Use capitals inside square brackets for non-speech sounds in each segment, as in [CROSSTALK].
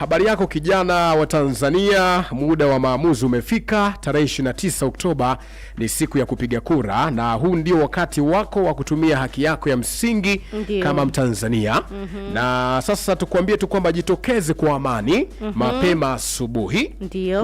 Habari yako kijana wa Tanzania, muda wa maamuzi umefika. Tarehe 29 Oktoba ni siku ya kupiga kura, na huu ndio wakati wako wa kutumia haki yako ya msingi Ndiyo. kama Mtanzania mm -hmm. na sasa tukuambie tu kwamba jitokeze kwa amani mm -hmm. mapema asubuhi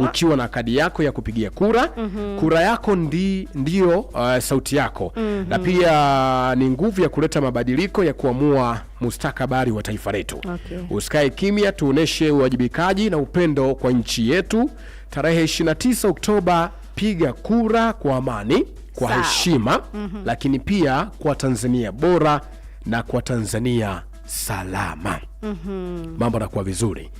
ukiwa na kadi yako ya kupigia kura mm -hmm. kura yako ndi, ndiyo uh, eh, sauti yako mm -hmm. na pia ni nguvu ya kuleta mabadiliko ya kuamua mustakabali wa taifa letu. Okay. Usikae kimya, tuoneshe uwajibikaji na upendo kwa nchi yetu. Tarehe 29 Oktoba, piga kura kwa amani, kwa Sao. heshima mm -hmm. lakini pia kwa Tanzania bora na kwa Tanzania salama. mm -hmm. Mambo yanakuwa vizuri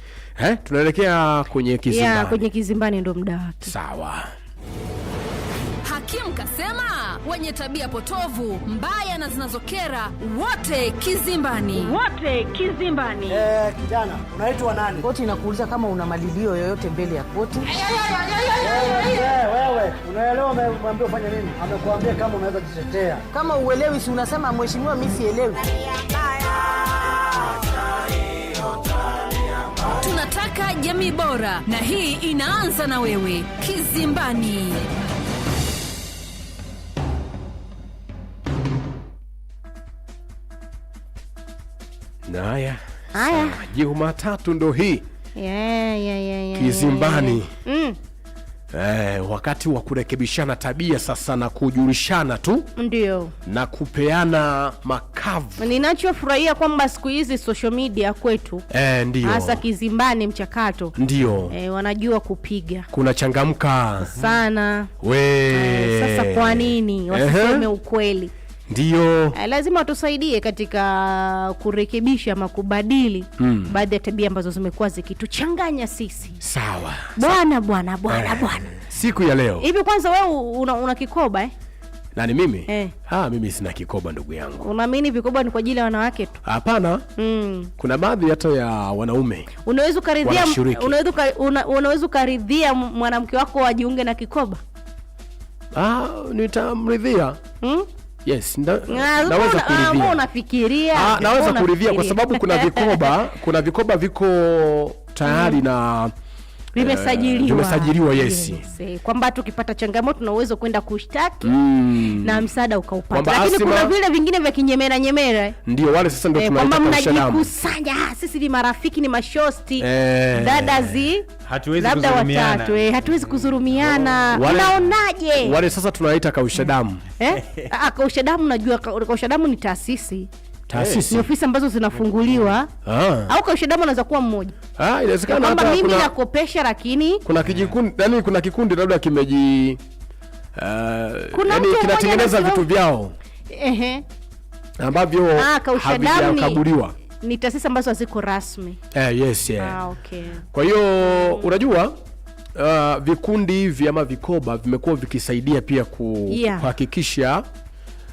eh? Tunaelekea kwenye kizimbani. Yeah, kwenye kizimbani ndo muda wake. Sawa. Hakim kasema wenye tabia potovu mbaya na zinazokera wote kizimbani, wote kizimbani. Eh, kijana unaitwa nani? Koti inakuuliza kama una malilio yoyote mbele ya koti. Wewe unaelewa umeambiwa fanya nini? Amekuambia kama unaweza kujitetea. Kama uelewi, si unasema mheshimiwa, mi sielewi. Tunataka jamii bora, na hii inaanza na wewe. Kizimbani. Naya, haya Jumatatu ndo hii yeah, yeah, yeah, kizimbani yeah, yeah. Mm. Eh, wakati wa kurekebishana tabia sasa na kujulishana tu ndio na kupeana makavu. Ninachofurahia kwamba siku hizi social media kwetu eh, ndio hasa kizimbani mchakato ndio eh, wanajua kupiga kuna changamka sana we eh, sasa kwa nini wasiseme ukweli? Ndio. Eh, lazima tusaidie katika kurekebisha ama kubadili mm. baadhi ya tabia ambazo zimekuwa zikituchanganya sisi. Sawa. Bwana bwana bwana eh, bwana. Siku ya leo. Hivi kwanza wewe una, una kikoba eh? Nani mimi? Eh. ha, ah, mimi sina kikoba ndugu yangu. Unaamini vikoba ni kwa ajili ya wanawake tu? Hapana. Mm. Kuna baadhi hata ya wanaume. Unaweza ukaridhia unaweza una, ukaridhia mwanamke wako ajiunge na kikoba? Ah, nitamridhia. Mm? Yes, nda, ah, naweza ah, kuridhia. Unafikiria? Ah, naweza kuridhia kwa sababu kuna vikoba, kuna vikoba viko tayari mm. na vimesajiliwa, eh, vimesajiliwa yes. yes. kwamba ukipata changamoto na uwezo kwenda kushtaki mm. na msaada ukaupata, lakini kuna vile vingine vya kinyemera nyemera, ndio wale sasa ndio eh, tunaita mnajikusanya, ah, sisi ni marafiki, ni mashosti eh. dada zi hatuwezi labda watatu eh, hatuwezi kuzurumiana oh. Unaonaje wale sasa tunaita kausha damu eh? Ah, ah, kausha damu, najua kausha damu ni taasisi taasisi ni ofisi ambazo zinafunguliwa ah. au kwa damu anaweza kuwa mmoja. Ah, inawezekana hata mimi kuna... nakopesha, lakini kuna kijikundi, yeah. yani kuna kikundi labda kimeji uh, yani kinatengeneza vitu vyao ehe, ambavyo ah, havijakaguliwa ni taasisi ambazo haziko rasmi. Eh, yes, yeah. Ah, okay. Kwa hiyo mm. unajua uh, vikundi hivi ama vikoba vimekuwa vikisaidia pia kuhakikisha yeah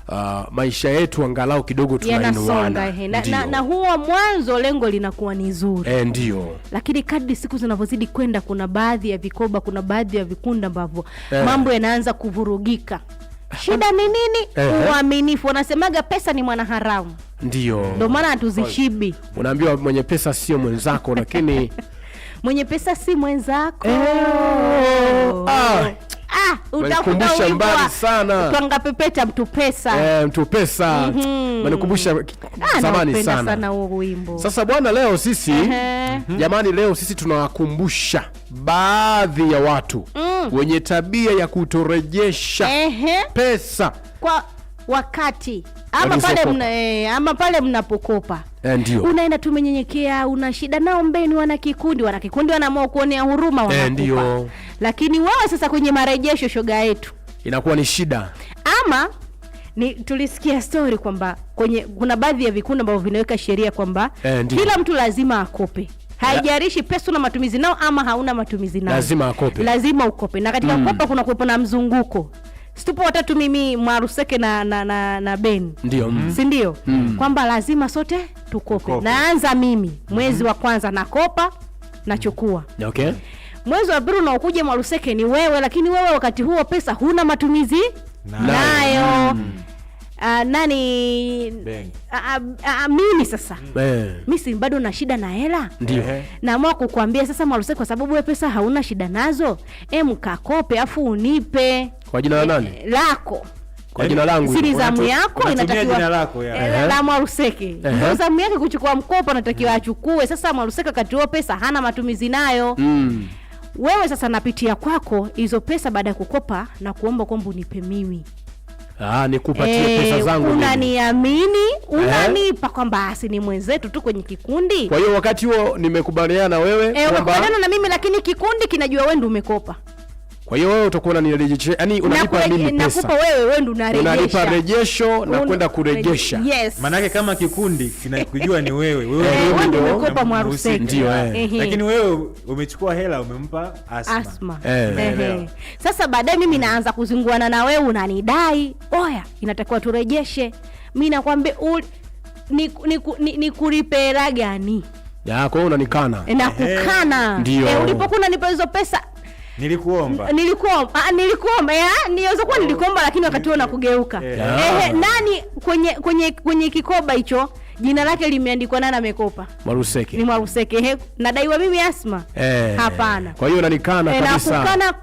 uh, maisha yetu angalau kidogo tunainwana eh, na, na, na huo mwanzo lengo linakuwa ni zuri eh, ndio, lakini kadri siku zinavyozidi kwenda, kuna baadhi ya vikoba, kuna baadhi ya vikunda ambavyo eh, mambo yanaanza kuvurugika. [LAUGHS] Shida ni nini? Eh. uaminifu. Wanasemaga pesa ni mwanaharamu, ndio ndo maana hatuzishibi. Unaambiwa mwenye pesa sio mwenzako, lakini [LAUGHS] mwenye pesa si mwenzako eh, oh. ah. Ah, utakuta mbali sana. Twanga pepeta mtu pesa. Eh, mtu pesa. Manikumbusha mhm. ah, sana. Sasa bwana, leo sisi Jamani, leo sisi tunawakumbusha baadhi ya watu mm. wenye tabia ya kutorejesha pesa kwa wakati ama yaani pale, mna, e, ama pale mnapokopa eh, ndio unaenda tu menyenyekea, una shida nao, mbeni wana kikundi, wana kikundi wanaamua kuonea huruma eh, wanakupa, ndio. Lakini wewe sasa kwenye marejesho, shoga yetu, inakuwa ni shida ama ni tulisikia story kwamba kwenye kuna baadhi ya vikundi ambavyo vinaweka sheria kwamba kila mtu lazima akope, haijarishi pesa una matumizi nao ama hauna matumizi nao, lazima akope, lazima ukope, na katika mm. kukopa kuna kuwepo na mzunguko situpo watatu mimi Mwaruseke na, na, na, na Ben ndio mm-hmm. mm. si ndio mm. kwamba lazima sote tukope. Tukope. Naanza mimi mwezi mm-hmm. wa kwanza nakopa nachukua mm. okay. Mwezi wa pili unaokuja Mwaruseke ni wewe, lakini wewe wakati huo pesa huna matumizi nayo, nayo. Mm. Uh, nani uh, uh, mimi sasa mm. mimi bado na shida na hela, ndio naamua kukuambia sasa Mwaruseki, kwa sababu wewe pesa hauna shida nazo, e, mkakope afu unipe kwa jina la eh, nani lako kwa jina eh, langu, si zamu yako inatakiwa jina lako ya eh, la Mwaruseki, zamu yake kuchukua mkopo, anatakiwa mm. achukue. Sasa mwaruseke wakati huo pesa hana matumizi nayo mm. Wewe sasa napitia kwako hizo pesa baada ya kukopa na kuomba kwamba unipe mimi Ah, nikupatie e, pesa zangu. Unaniamini? Eh? Unanipa kwamba asi ni mwenzetu tu kwenye kikundi. Kwa hiyo wakati huo nimekubaliana na wewe, e, kwamba na mimi lakini kikundi kinajua wewe ndio umekopa. Kwa hiyo wewe utakuwa unanirejesha, yani unanipa mimi pesa. Nakupa wewe, wewe ndio unarejesha. Unanipa rejesho na kwenda kurejesha. Yes. yake kama kikundi kinakujua ni wewe, wewe eh, ndio unakopa Mwaruseke. Ndio eh. Lakini wewe umechukua hela umempa Asma. Asma. Eh. Sasa baadaye mimi naanza kuzunguana na wewe unanidai. Oya, inatakiwa turejeshe. Mimi nakwambia ni ni, ni, ni kulipe hela gani? Ya, kwa hiyo unanikana. Eh, nakukana. Ndio. Eh, ulipokuwa unanipa hizo pesa Nilikuomba. Nilikuomba. Ah, nilikuomba. Eh, niweza kuwa oh. nilikuomba lakini wakati wewe unakugeuka. Eh, nani kwenye kwenye kwenye kikoba hicho jina lake limeandikwa nani amekopa? Maruseke. Ni Maruseke. Ehe, nadaiwa mimi Asma. Eh. Hapana. Kwa hiyo unanikana eh, kabisa. Nakukana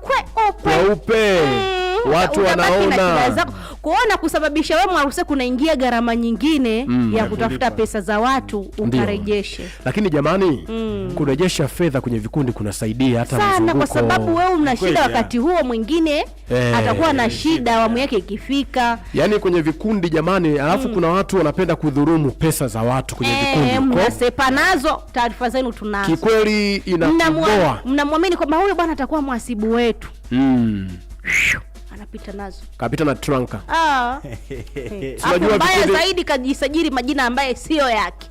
upe. Kweupe. Mm watu wanaona kuona kusababisha wewe mwaruse kunaingia gharama nyingine mm, ya kutafuta pesa za watu ukarejeshe. Lakini jamani mm, kurejesha fedha kwenye vikundi kunasaidia hata sana Kwa sababu wewe una shida wakati huo mwingine hey, eh. atakuwa na eh, shida awamu yake ikifika, yani kwenye vikundi jamani, alafu mm, kuna watu wanapenda kudhurumu pesa za watu kwenye hey, eh, vikundi. Mnasepa nazo taarifa zenu tunazo. Kikweli inakuboa. Mnamwamini kwamba huyo bwana atakuwa mwasibu wetu mm. Kapita nazo, kapita na Tranka. Ah. [LAUGHS] Mbaya zaidi kajisajili majina ambaye sio yake.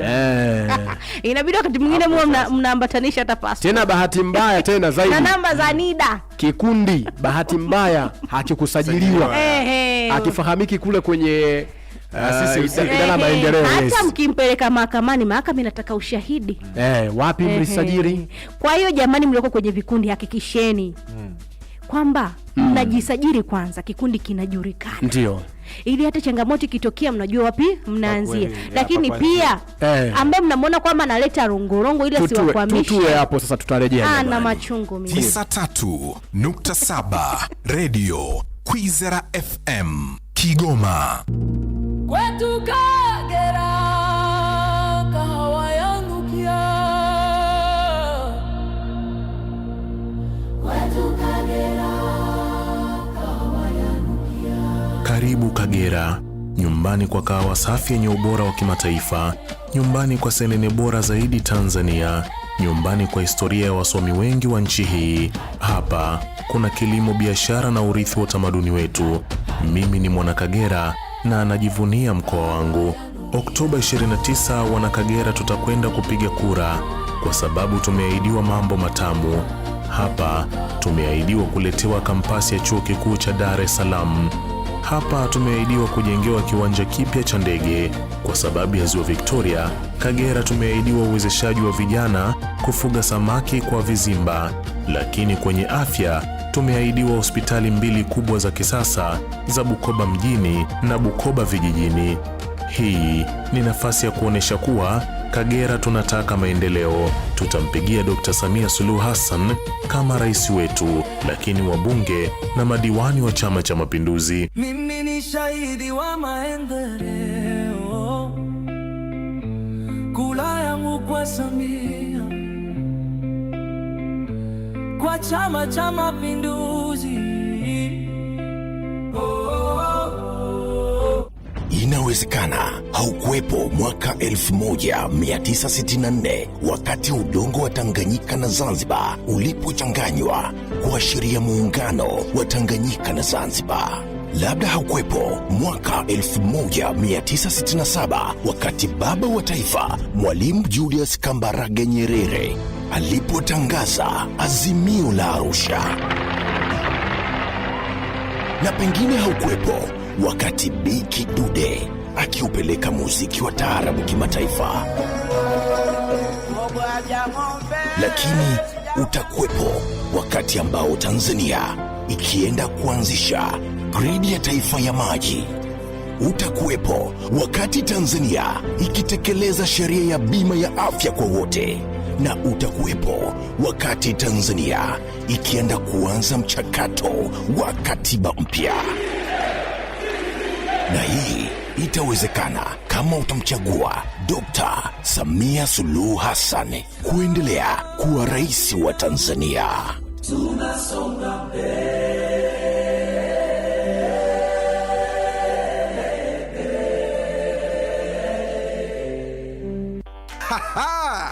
Yeah. [LAUGHS] Inabidi wakati mwingine mna, mnaambatanisha hata pasi. Tena bahati mbaya [LAUGHS] tena zaidi. Na namba za NIDA. Kikundi bahati mbaya hakikusajiliwa. Hakifahamiki kule kwenye ah, uh, maendeleo. Hata mkimpeleka mahakamani, mahakama inataka ushahidi. Eh, wapi mlisajili? Kwa hiyo jamani, mlioko kwenye vikundi hakikisheni. Hmm kwamba mm. mnajisajili kwanza, kikundi kinajulikana, ndio ili hata changamoto ikitokea mnajua wapi mnaanzia. Lakini pia eh, ambaye mnamwona kwamba analeta rongorongo ili asiwakwamishe hapo, sasa tutarejea ana machungu mimi. 93.7 Radio Kwizera FM Kigoma kwetu. karibu Kagera, nyumbani kwa kahawa safi yenye ubora wa kimataifa, nyumbani kwa senene bora zaidi Tanzania, nyumbani kwa historia ya wasomi wengi wa nchi hii. Hapa kuna kilimo, biashara na urithi wa utamaduni wetu. Mimi ni mwana Kagera na anajivunia mkoa wangu. Oktoba 29 wana Kagera tutakwenda kupiga kura kwa sababu tumeahidiwa mambo matamu. Hapa tumeahidiwa kuletewa kampasi ya chuo kikuu cha Dar es Salaam hapa tumeahidiwa kujengewa kiwanja kipya cha ndege. Kwa sababu ya ziwa Victoria, Kagera tumeahidiwa uwezeshaji wa vijana kufuga samaki kwa vizimba. Lakini kwenye afya tumeahidiwa hospitali mbili kubwa za kisasa za Bukoba mjini na Bukoba vijijini. Hii ni nafasi ya kuonesha kuwa Kagera tunataka maendeleo, tutampigia Dkt. Samia Suluhu Hassan kama rais wetu, lakini wabunge na madiwani wa Chama cha Mapinduzi. Mimi ni shahidi wa maendeleo, kula yangu kwa Samia, kwa Chama cha Mapinduzi. Oh, oh, oh usiowezekana haukuwepo mwaka 1964 wakati udongo wa Tanganyika na Zanzibar ulipochanganywa kuashiria muungano wa Tanganyika na Zanzibar. Labda haukuwepo mwaka 1967 wakati baba wa taifa Mwalimu Julius Kambarage Nyerere alipotangaza Azimio la Arusha, na pengine haukuwepo wakati biki dude akiupeleka muziki wa taarabu kimataifa, lakini utakuwepo wakati ambao Tanzania ikienda kuanzisha gridi ya taifa ya maji. Utakuwepo wakati Tanzania ikitekeleza sheria ya bima ya afya kwa wote, na utakuwepo wakati Tanzania ikienda kuanza mchakato wa katiba mpya, na hii itawezekana kama utamchagua Dr. Samia Suluhu Hassan kuendelea kuwa rais wa Tanzania. Tunasonga mbele.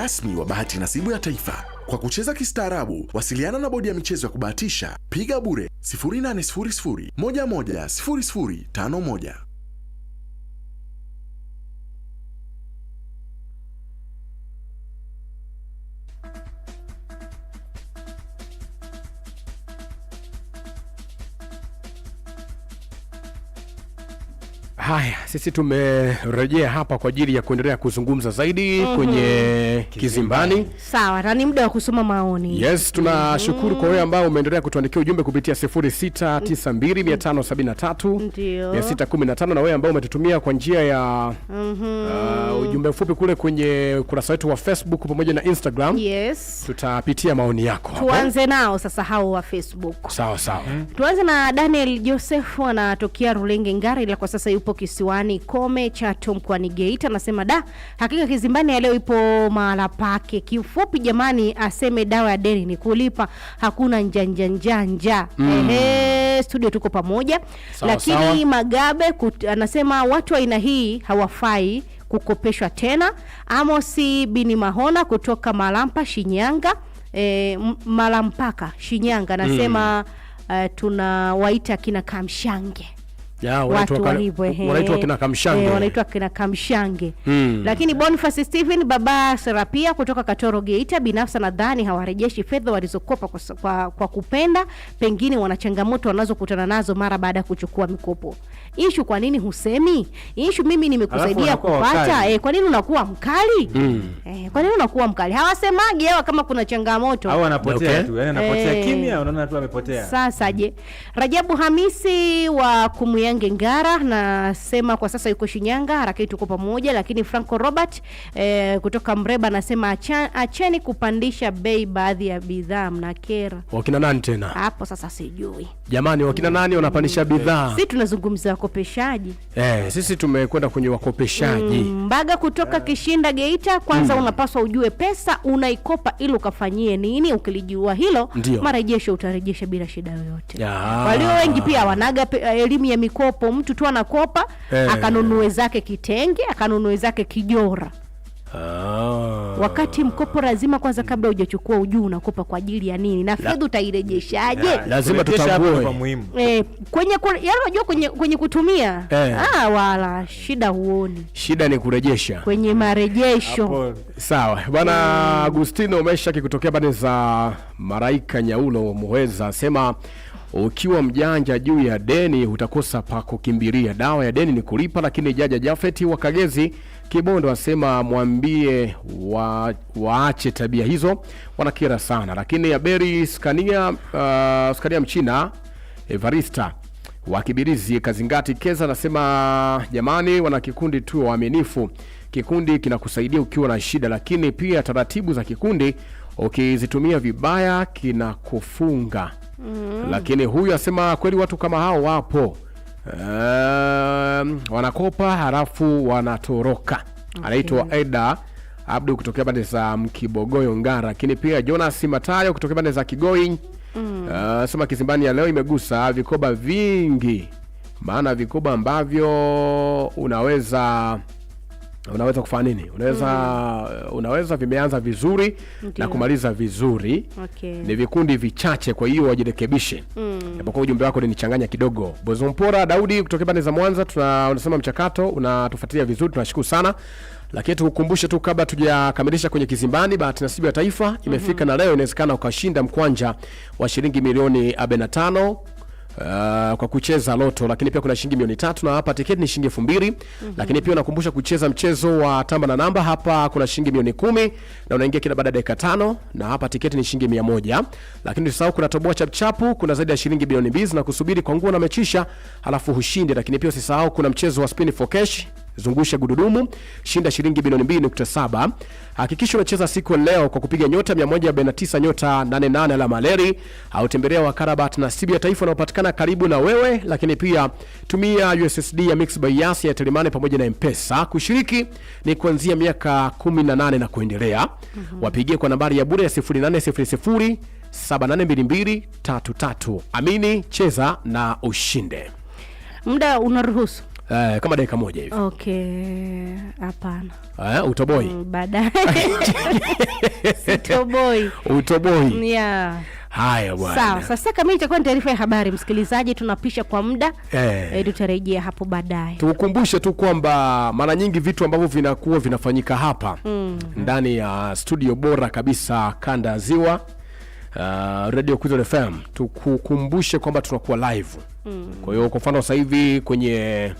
rasmi wa bahati nasibu ya taifa. Kwa kucheza kistaarabu, wasiliana na bodi ya michezo ya kubahatisha, piga bure 0800 51. sisi tumerejea hapa kwa ajili ya kuendelea kuzungumza zaidi mm -hmm. kwenye Kizimbani. Sawa, na ni muda wa kusoma maoni. Yes, tunashukuru mm -hmm. kwa wewe mhm. ambao umeendelea kutuandikia ujumbe kupitia 0692573615 na wewe ambao umetutumia kwa njia ya mm -hmm. uh, ujumbe mfupi kule kwenye ukurasa wetu wa Facebook pamoja na Instagram. Yes. Tutapitia maoni yako. Tuanze nao sasa hao wa Facebook. Sawa sawa. Mm -hmm. Tuanze na Daniel Joseph anatokea Rulenge Ngara, ila kwa sasa yupo kisiwani mkoani Kome Chato mkoani Geita anasema da, hakika kizimbani leo ipo mahala pake. Kifupi jamani, aseme dawa ya deni ni kulipa, hakuna njanja. Mm. Ehe, studio tuko pamoja sawa, lakini sawa. Magabe kut, anasema watu aina hii hawafai kukopeshwa tena. Amosi bini Mahona kutoka Malampa Shinyanga, e, Malampaka Shinyanga anasema mm. Uh, tunawaita kina Kamshange ya, watu wanaitwa kina Kamshange, eh, wanaitwa kina Kamshange. Hmm. Lakini Boniface Stephen baba Serapia kutoka Katoro Geita, binafsi nadhani hawarejeshi fedha walizokopa kwa, kwa, kwa kupenda, pengine wana changamoto wanazokutana nazo mara baada ya kuchukua mikopo. Ishu, kwa nini husemi? Ishu, mimi nimekusaidia kupata eh, kwa nini unakuwa mkali? Hmm. Eh, kwa nini unakuwa mkali? Hawasemagi hawa kama kuna changamoto. Hao wanapotea tu, yani eh, anapotea eh. kimya, unaona tu amepotea. Sasa je, Rajabu Hamisi wa kumye Shinyange Ngara nasema kwa sasa yuko Shinyanga, harakati tuko pamoja. Lakini Franco Robert e, kutoka Mreba anasema acheni kupandisha bei baadhi ya bidhaa mnakera. Wakina nani tena hapo sasa, sijui Jamani, wakina nani wanapandisha bidhaa? Sisi tunazungumza wakopeshaji. Eh, sisi tumekwenda kwenye wakopeshaji. Mm, Mbaga kutoka eh. Kishinda Geita, kwanza mm. unapaswa ujue pesa unaikopa ili ukafanyie nini. Ukilijua hilo, marejesho utarejesha bila shida yoyote. Walio wengi pia wanaga eh, elimu ya mikopo, mtu tu anakopa eh, akanunue zake kitenge, akanunue zake kijora Ah. Wakati mkopo lazima kwanza, kabla hujachukua ujue unakopa kwa ajili ya nini na fedha utairejeshaje? La, lazima tutambue eh, kwenye yaani unajua kwenye, kwenye kutumia eh. Ah, wala shida huoni, shida ni kurejesha kwenye marejesho Apo. Sawa bwana eh. Agustino eh. Umesha kikutokea bani za Maraika Nyaulo Muheza asema ukiwa mjanja juu ya deni utakosa pa kukimbilia. Dawa ya deni ni kulipa, lakini Jaja Jafeti wa Kagezi Kibondo wanasema mwambie wa, waache tabia hizo wanakira sana. Lakini Aberi Skania, uh, Skania Mchina Evarista wa Kibirizi Kazingati Keza anasema jamani, wana kikundi tu waaminifu. Kikundi kinakusaidia ukiwa na shida, lakini pia taratibu za kikundi ukizitumia vibaya kinakufunga. Mm. Lakini huyu asema kweli watu kama hao wapo um, wanakopa halafu wanatoroka. Okay. Anaitwa Eda Abdu kutokea pande za Mkibogoyo Ngara, lakini pia Jonas Matayo kutokea pande za Kigoi. Mm. Uh, sema kizimbani ya leo imegusa vikoba vingi, maana vikoba ambavyo unaweza unaweza kufanya nini? Unaweza mm. unaweza vimeanza vizuri Ndiyo. na kumaliza vizuri okay. ni vikundi vichache, kwa hiyo wajirekebishe mm. Japokuwa ujumbe wako ulinichanganya kidogo. Bozompora Daudi kutoka pande za Mwanza tuna, unasema mchakato unatufuatilia vizuri, tunashukuru sana lakini tukukumbushe tu kabla tujakamilisha kwenye kizimbani, bahati nasibu ya taifa imefika mm -hmm. na leo inawezekana ukashinda mkwanja wa shilingi milioni 45 Eh, kwa kucheza loto, lakini pia kuna shilingi milioni tatu na hapa tiketi ni shilingi elfu mbili. Mm -hmm. Lakini pia unakumbusha kucheza mchezo wa tamba na namba, hapa kuna shilingi milioni kumi na unaingia kila baada ya dakika tano na hapa tiketi ni shilingi mia moja. Lakini usisahau kuna toboa chapchapu, kuna zaidi ya shilingi bilioni mbili na kusubiri kwa nguo na mechisha, halafu ushinde. Lakini pia usisahau kuna mchezo wa spin for cash zungusha gududumu, shinda shilingi bilioni 2.7. Hakikisha unacheza siku leo kwa kupiga nyota 149 nyota 88 la maleri au tembelea wakarabat na sibu ya taifa unaopatikana karibu na wewe, lakini pia tumia USSD ya Mix by Yas ya Telemani pamoja na Mpesa. Kushiriki ni kuanzia miaka 18 na kuendelea. mm -hmm. Wapigie kwa nambari ya bure ya 0800 782233. Amini, cheza na ushinde. Muda unaruhusu Uh, kama dakika moja hivi. Okay, hapana. Eh, uh, utoboi. Mm, baadaye. Utoboi. [LAUGHS] Utoboi. Yeah. Haya bwana. Sawa, sasa kama itakuwa ni taarifa ya habari msikilizaji, tunapisha kwa muda eh, eh tutarejea hapo baadaye. Tukukumbushe tu kwamba mara nyingi vitu ambavyo vinakuwa vinafanyika hapa mm -hmm. ndani ya studio bora kabisa kanda ya Ziwa Uh, Radio Kwizera FM tukukumbushe kwamba tunakuwa live mm. Kwa hiyo kwa mfano sasa hivi kwenye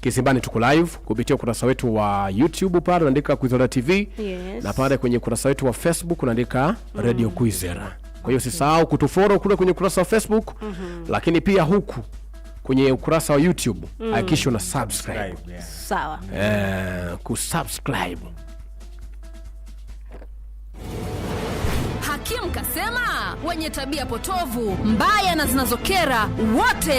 Kisimbani tuko live kupitia ukurasa wetu wa YouTube pale unaandika Kwizera TV yes. na pale kwenye ukurasa wetu wa Facebook unaandika Radio mm. Radio Kwizera. Kwa hiyo usisahau kutufollow kule kwenye ukurasa wa Facebook mm -hmm. lakini pia huku kwenye ukurasa wa YouTube mm. hakikisha una subscribe. Sawa. Yeah. Sawa. Eh, kusubscribe. Hakim kasema wenye tabia potovu mbaya na zinazokera wote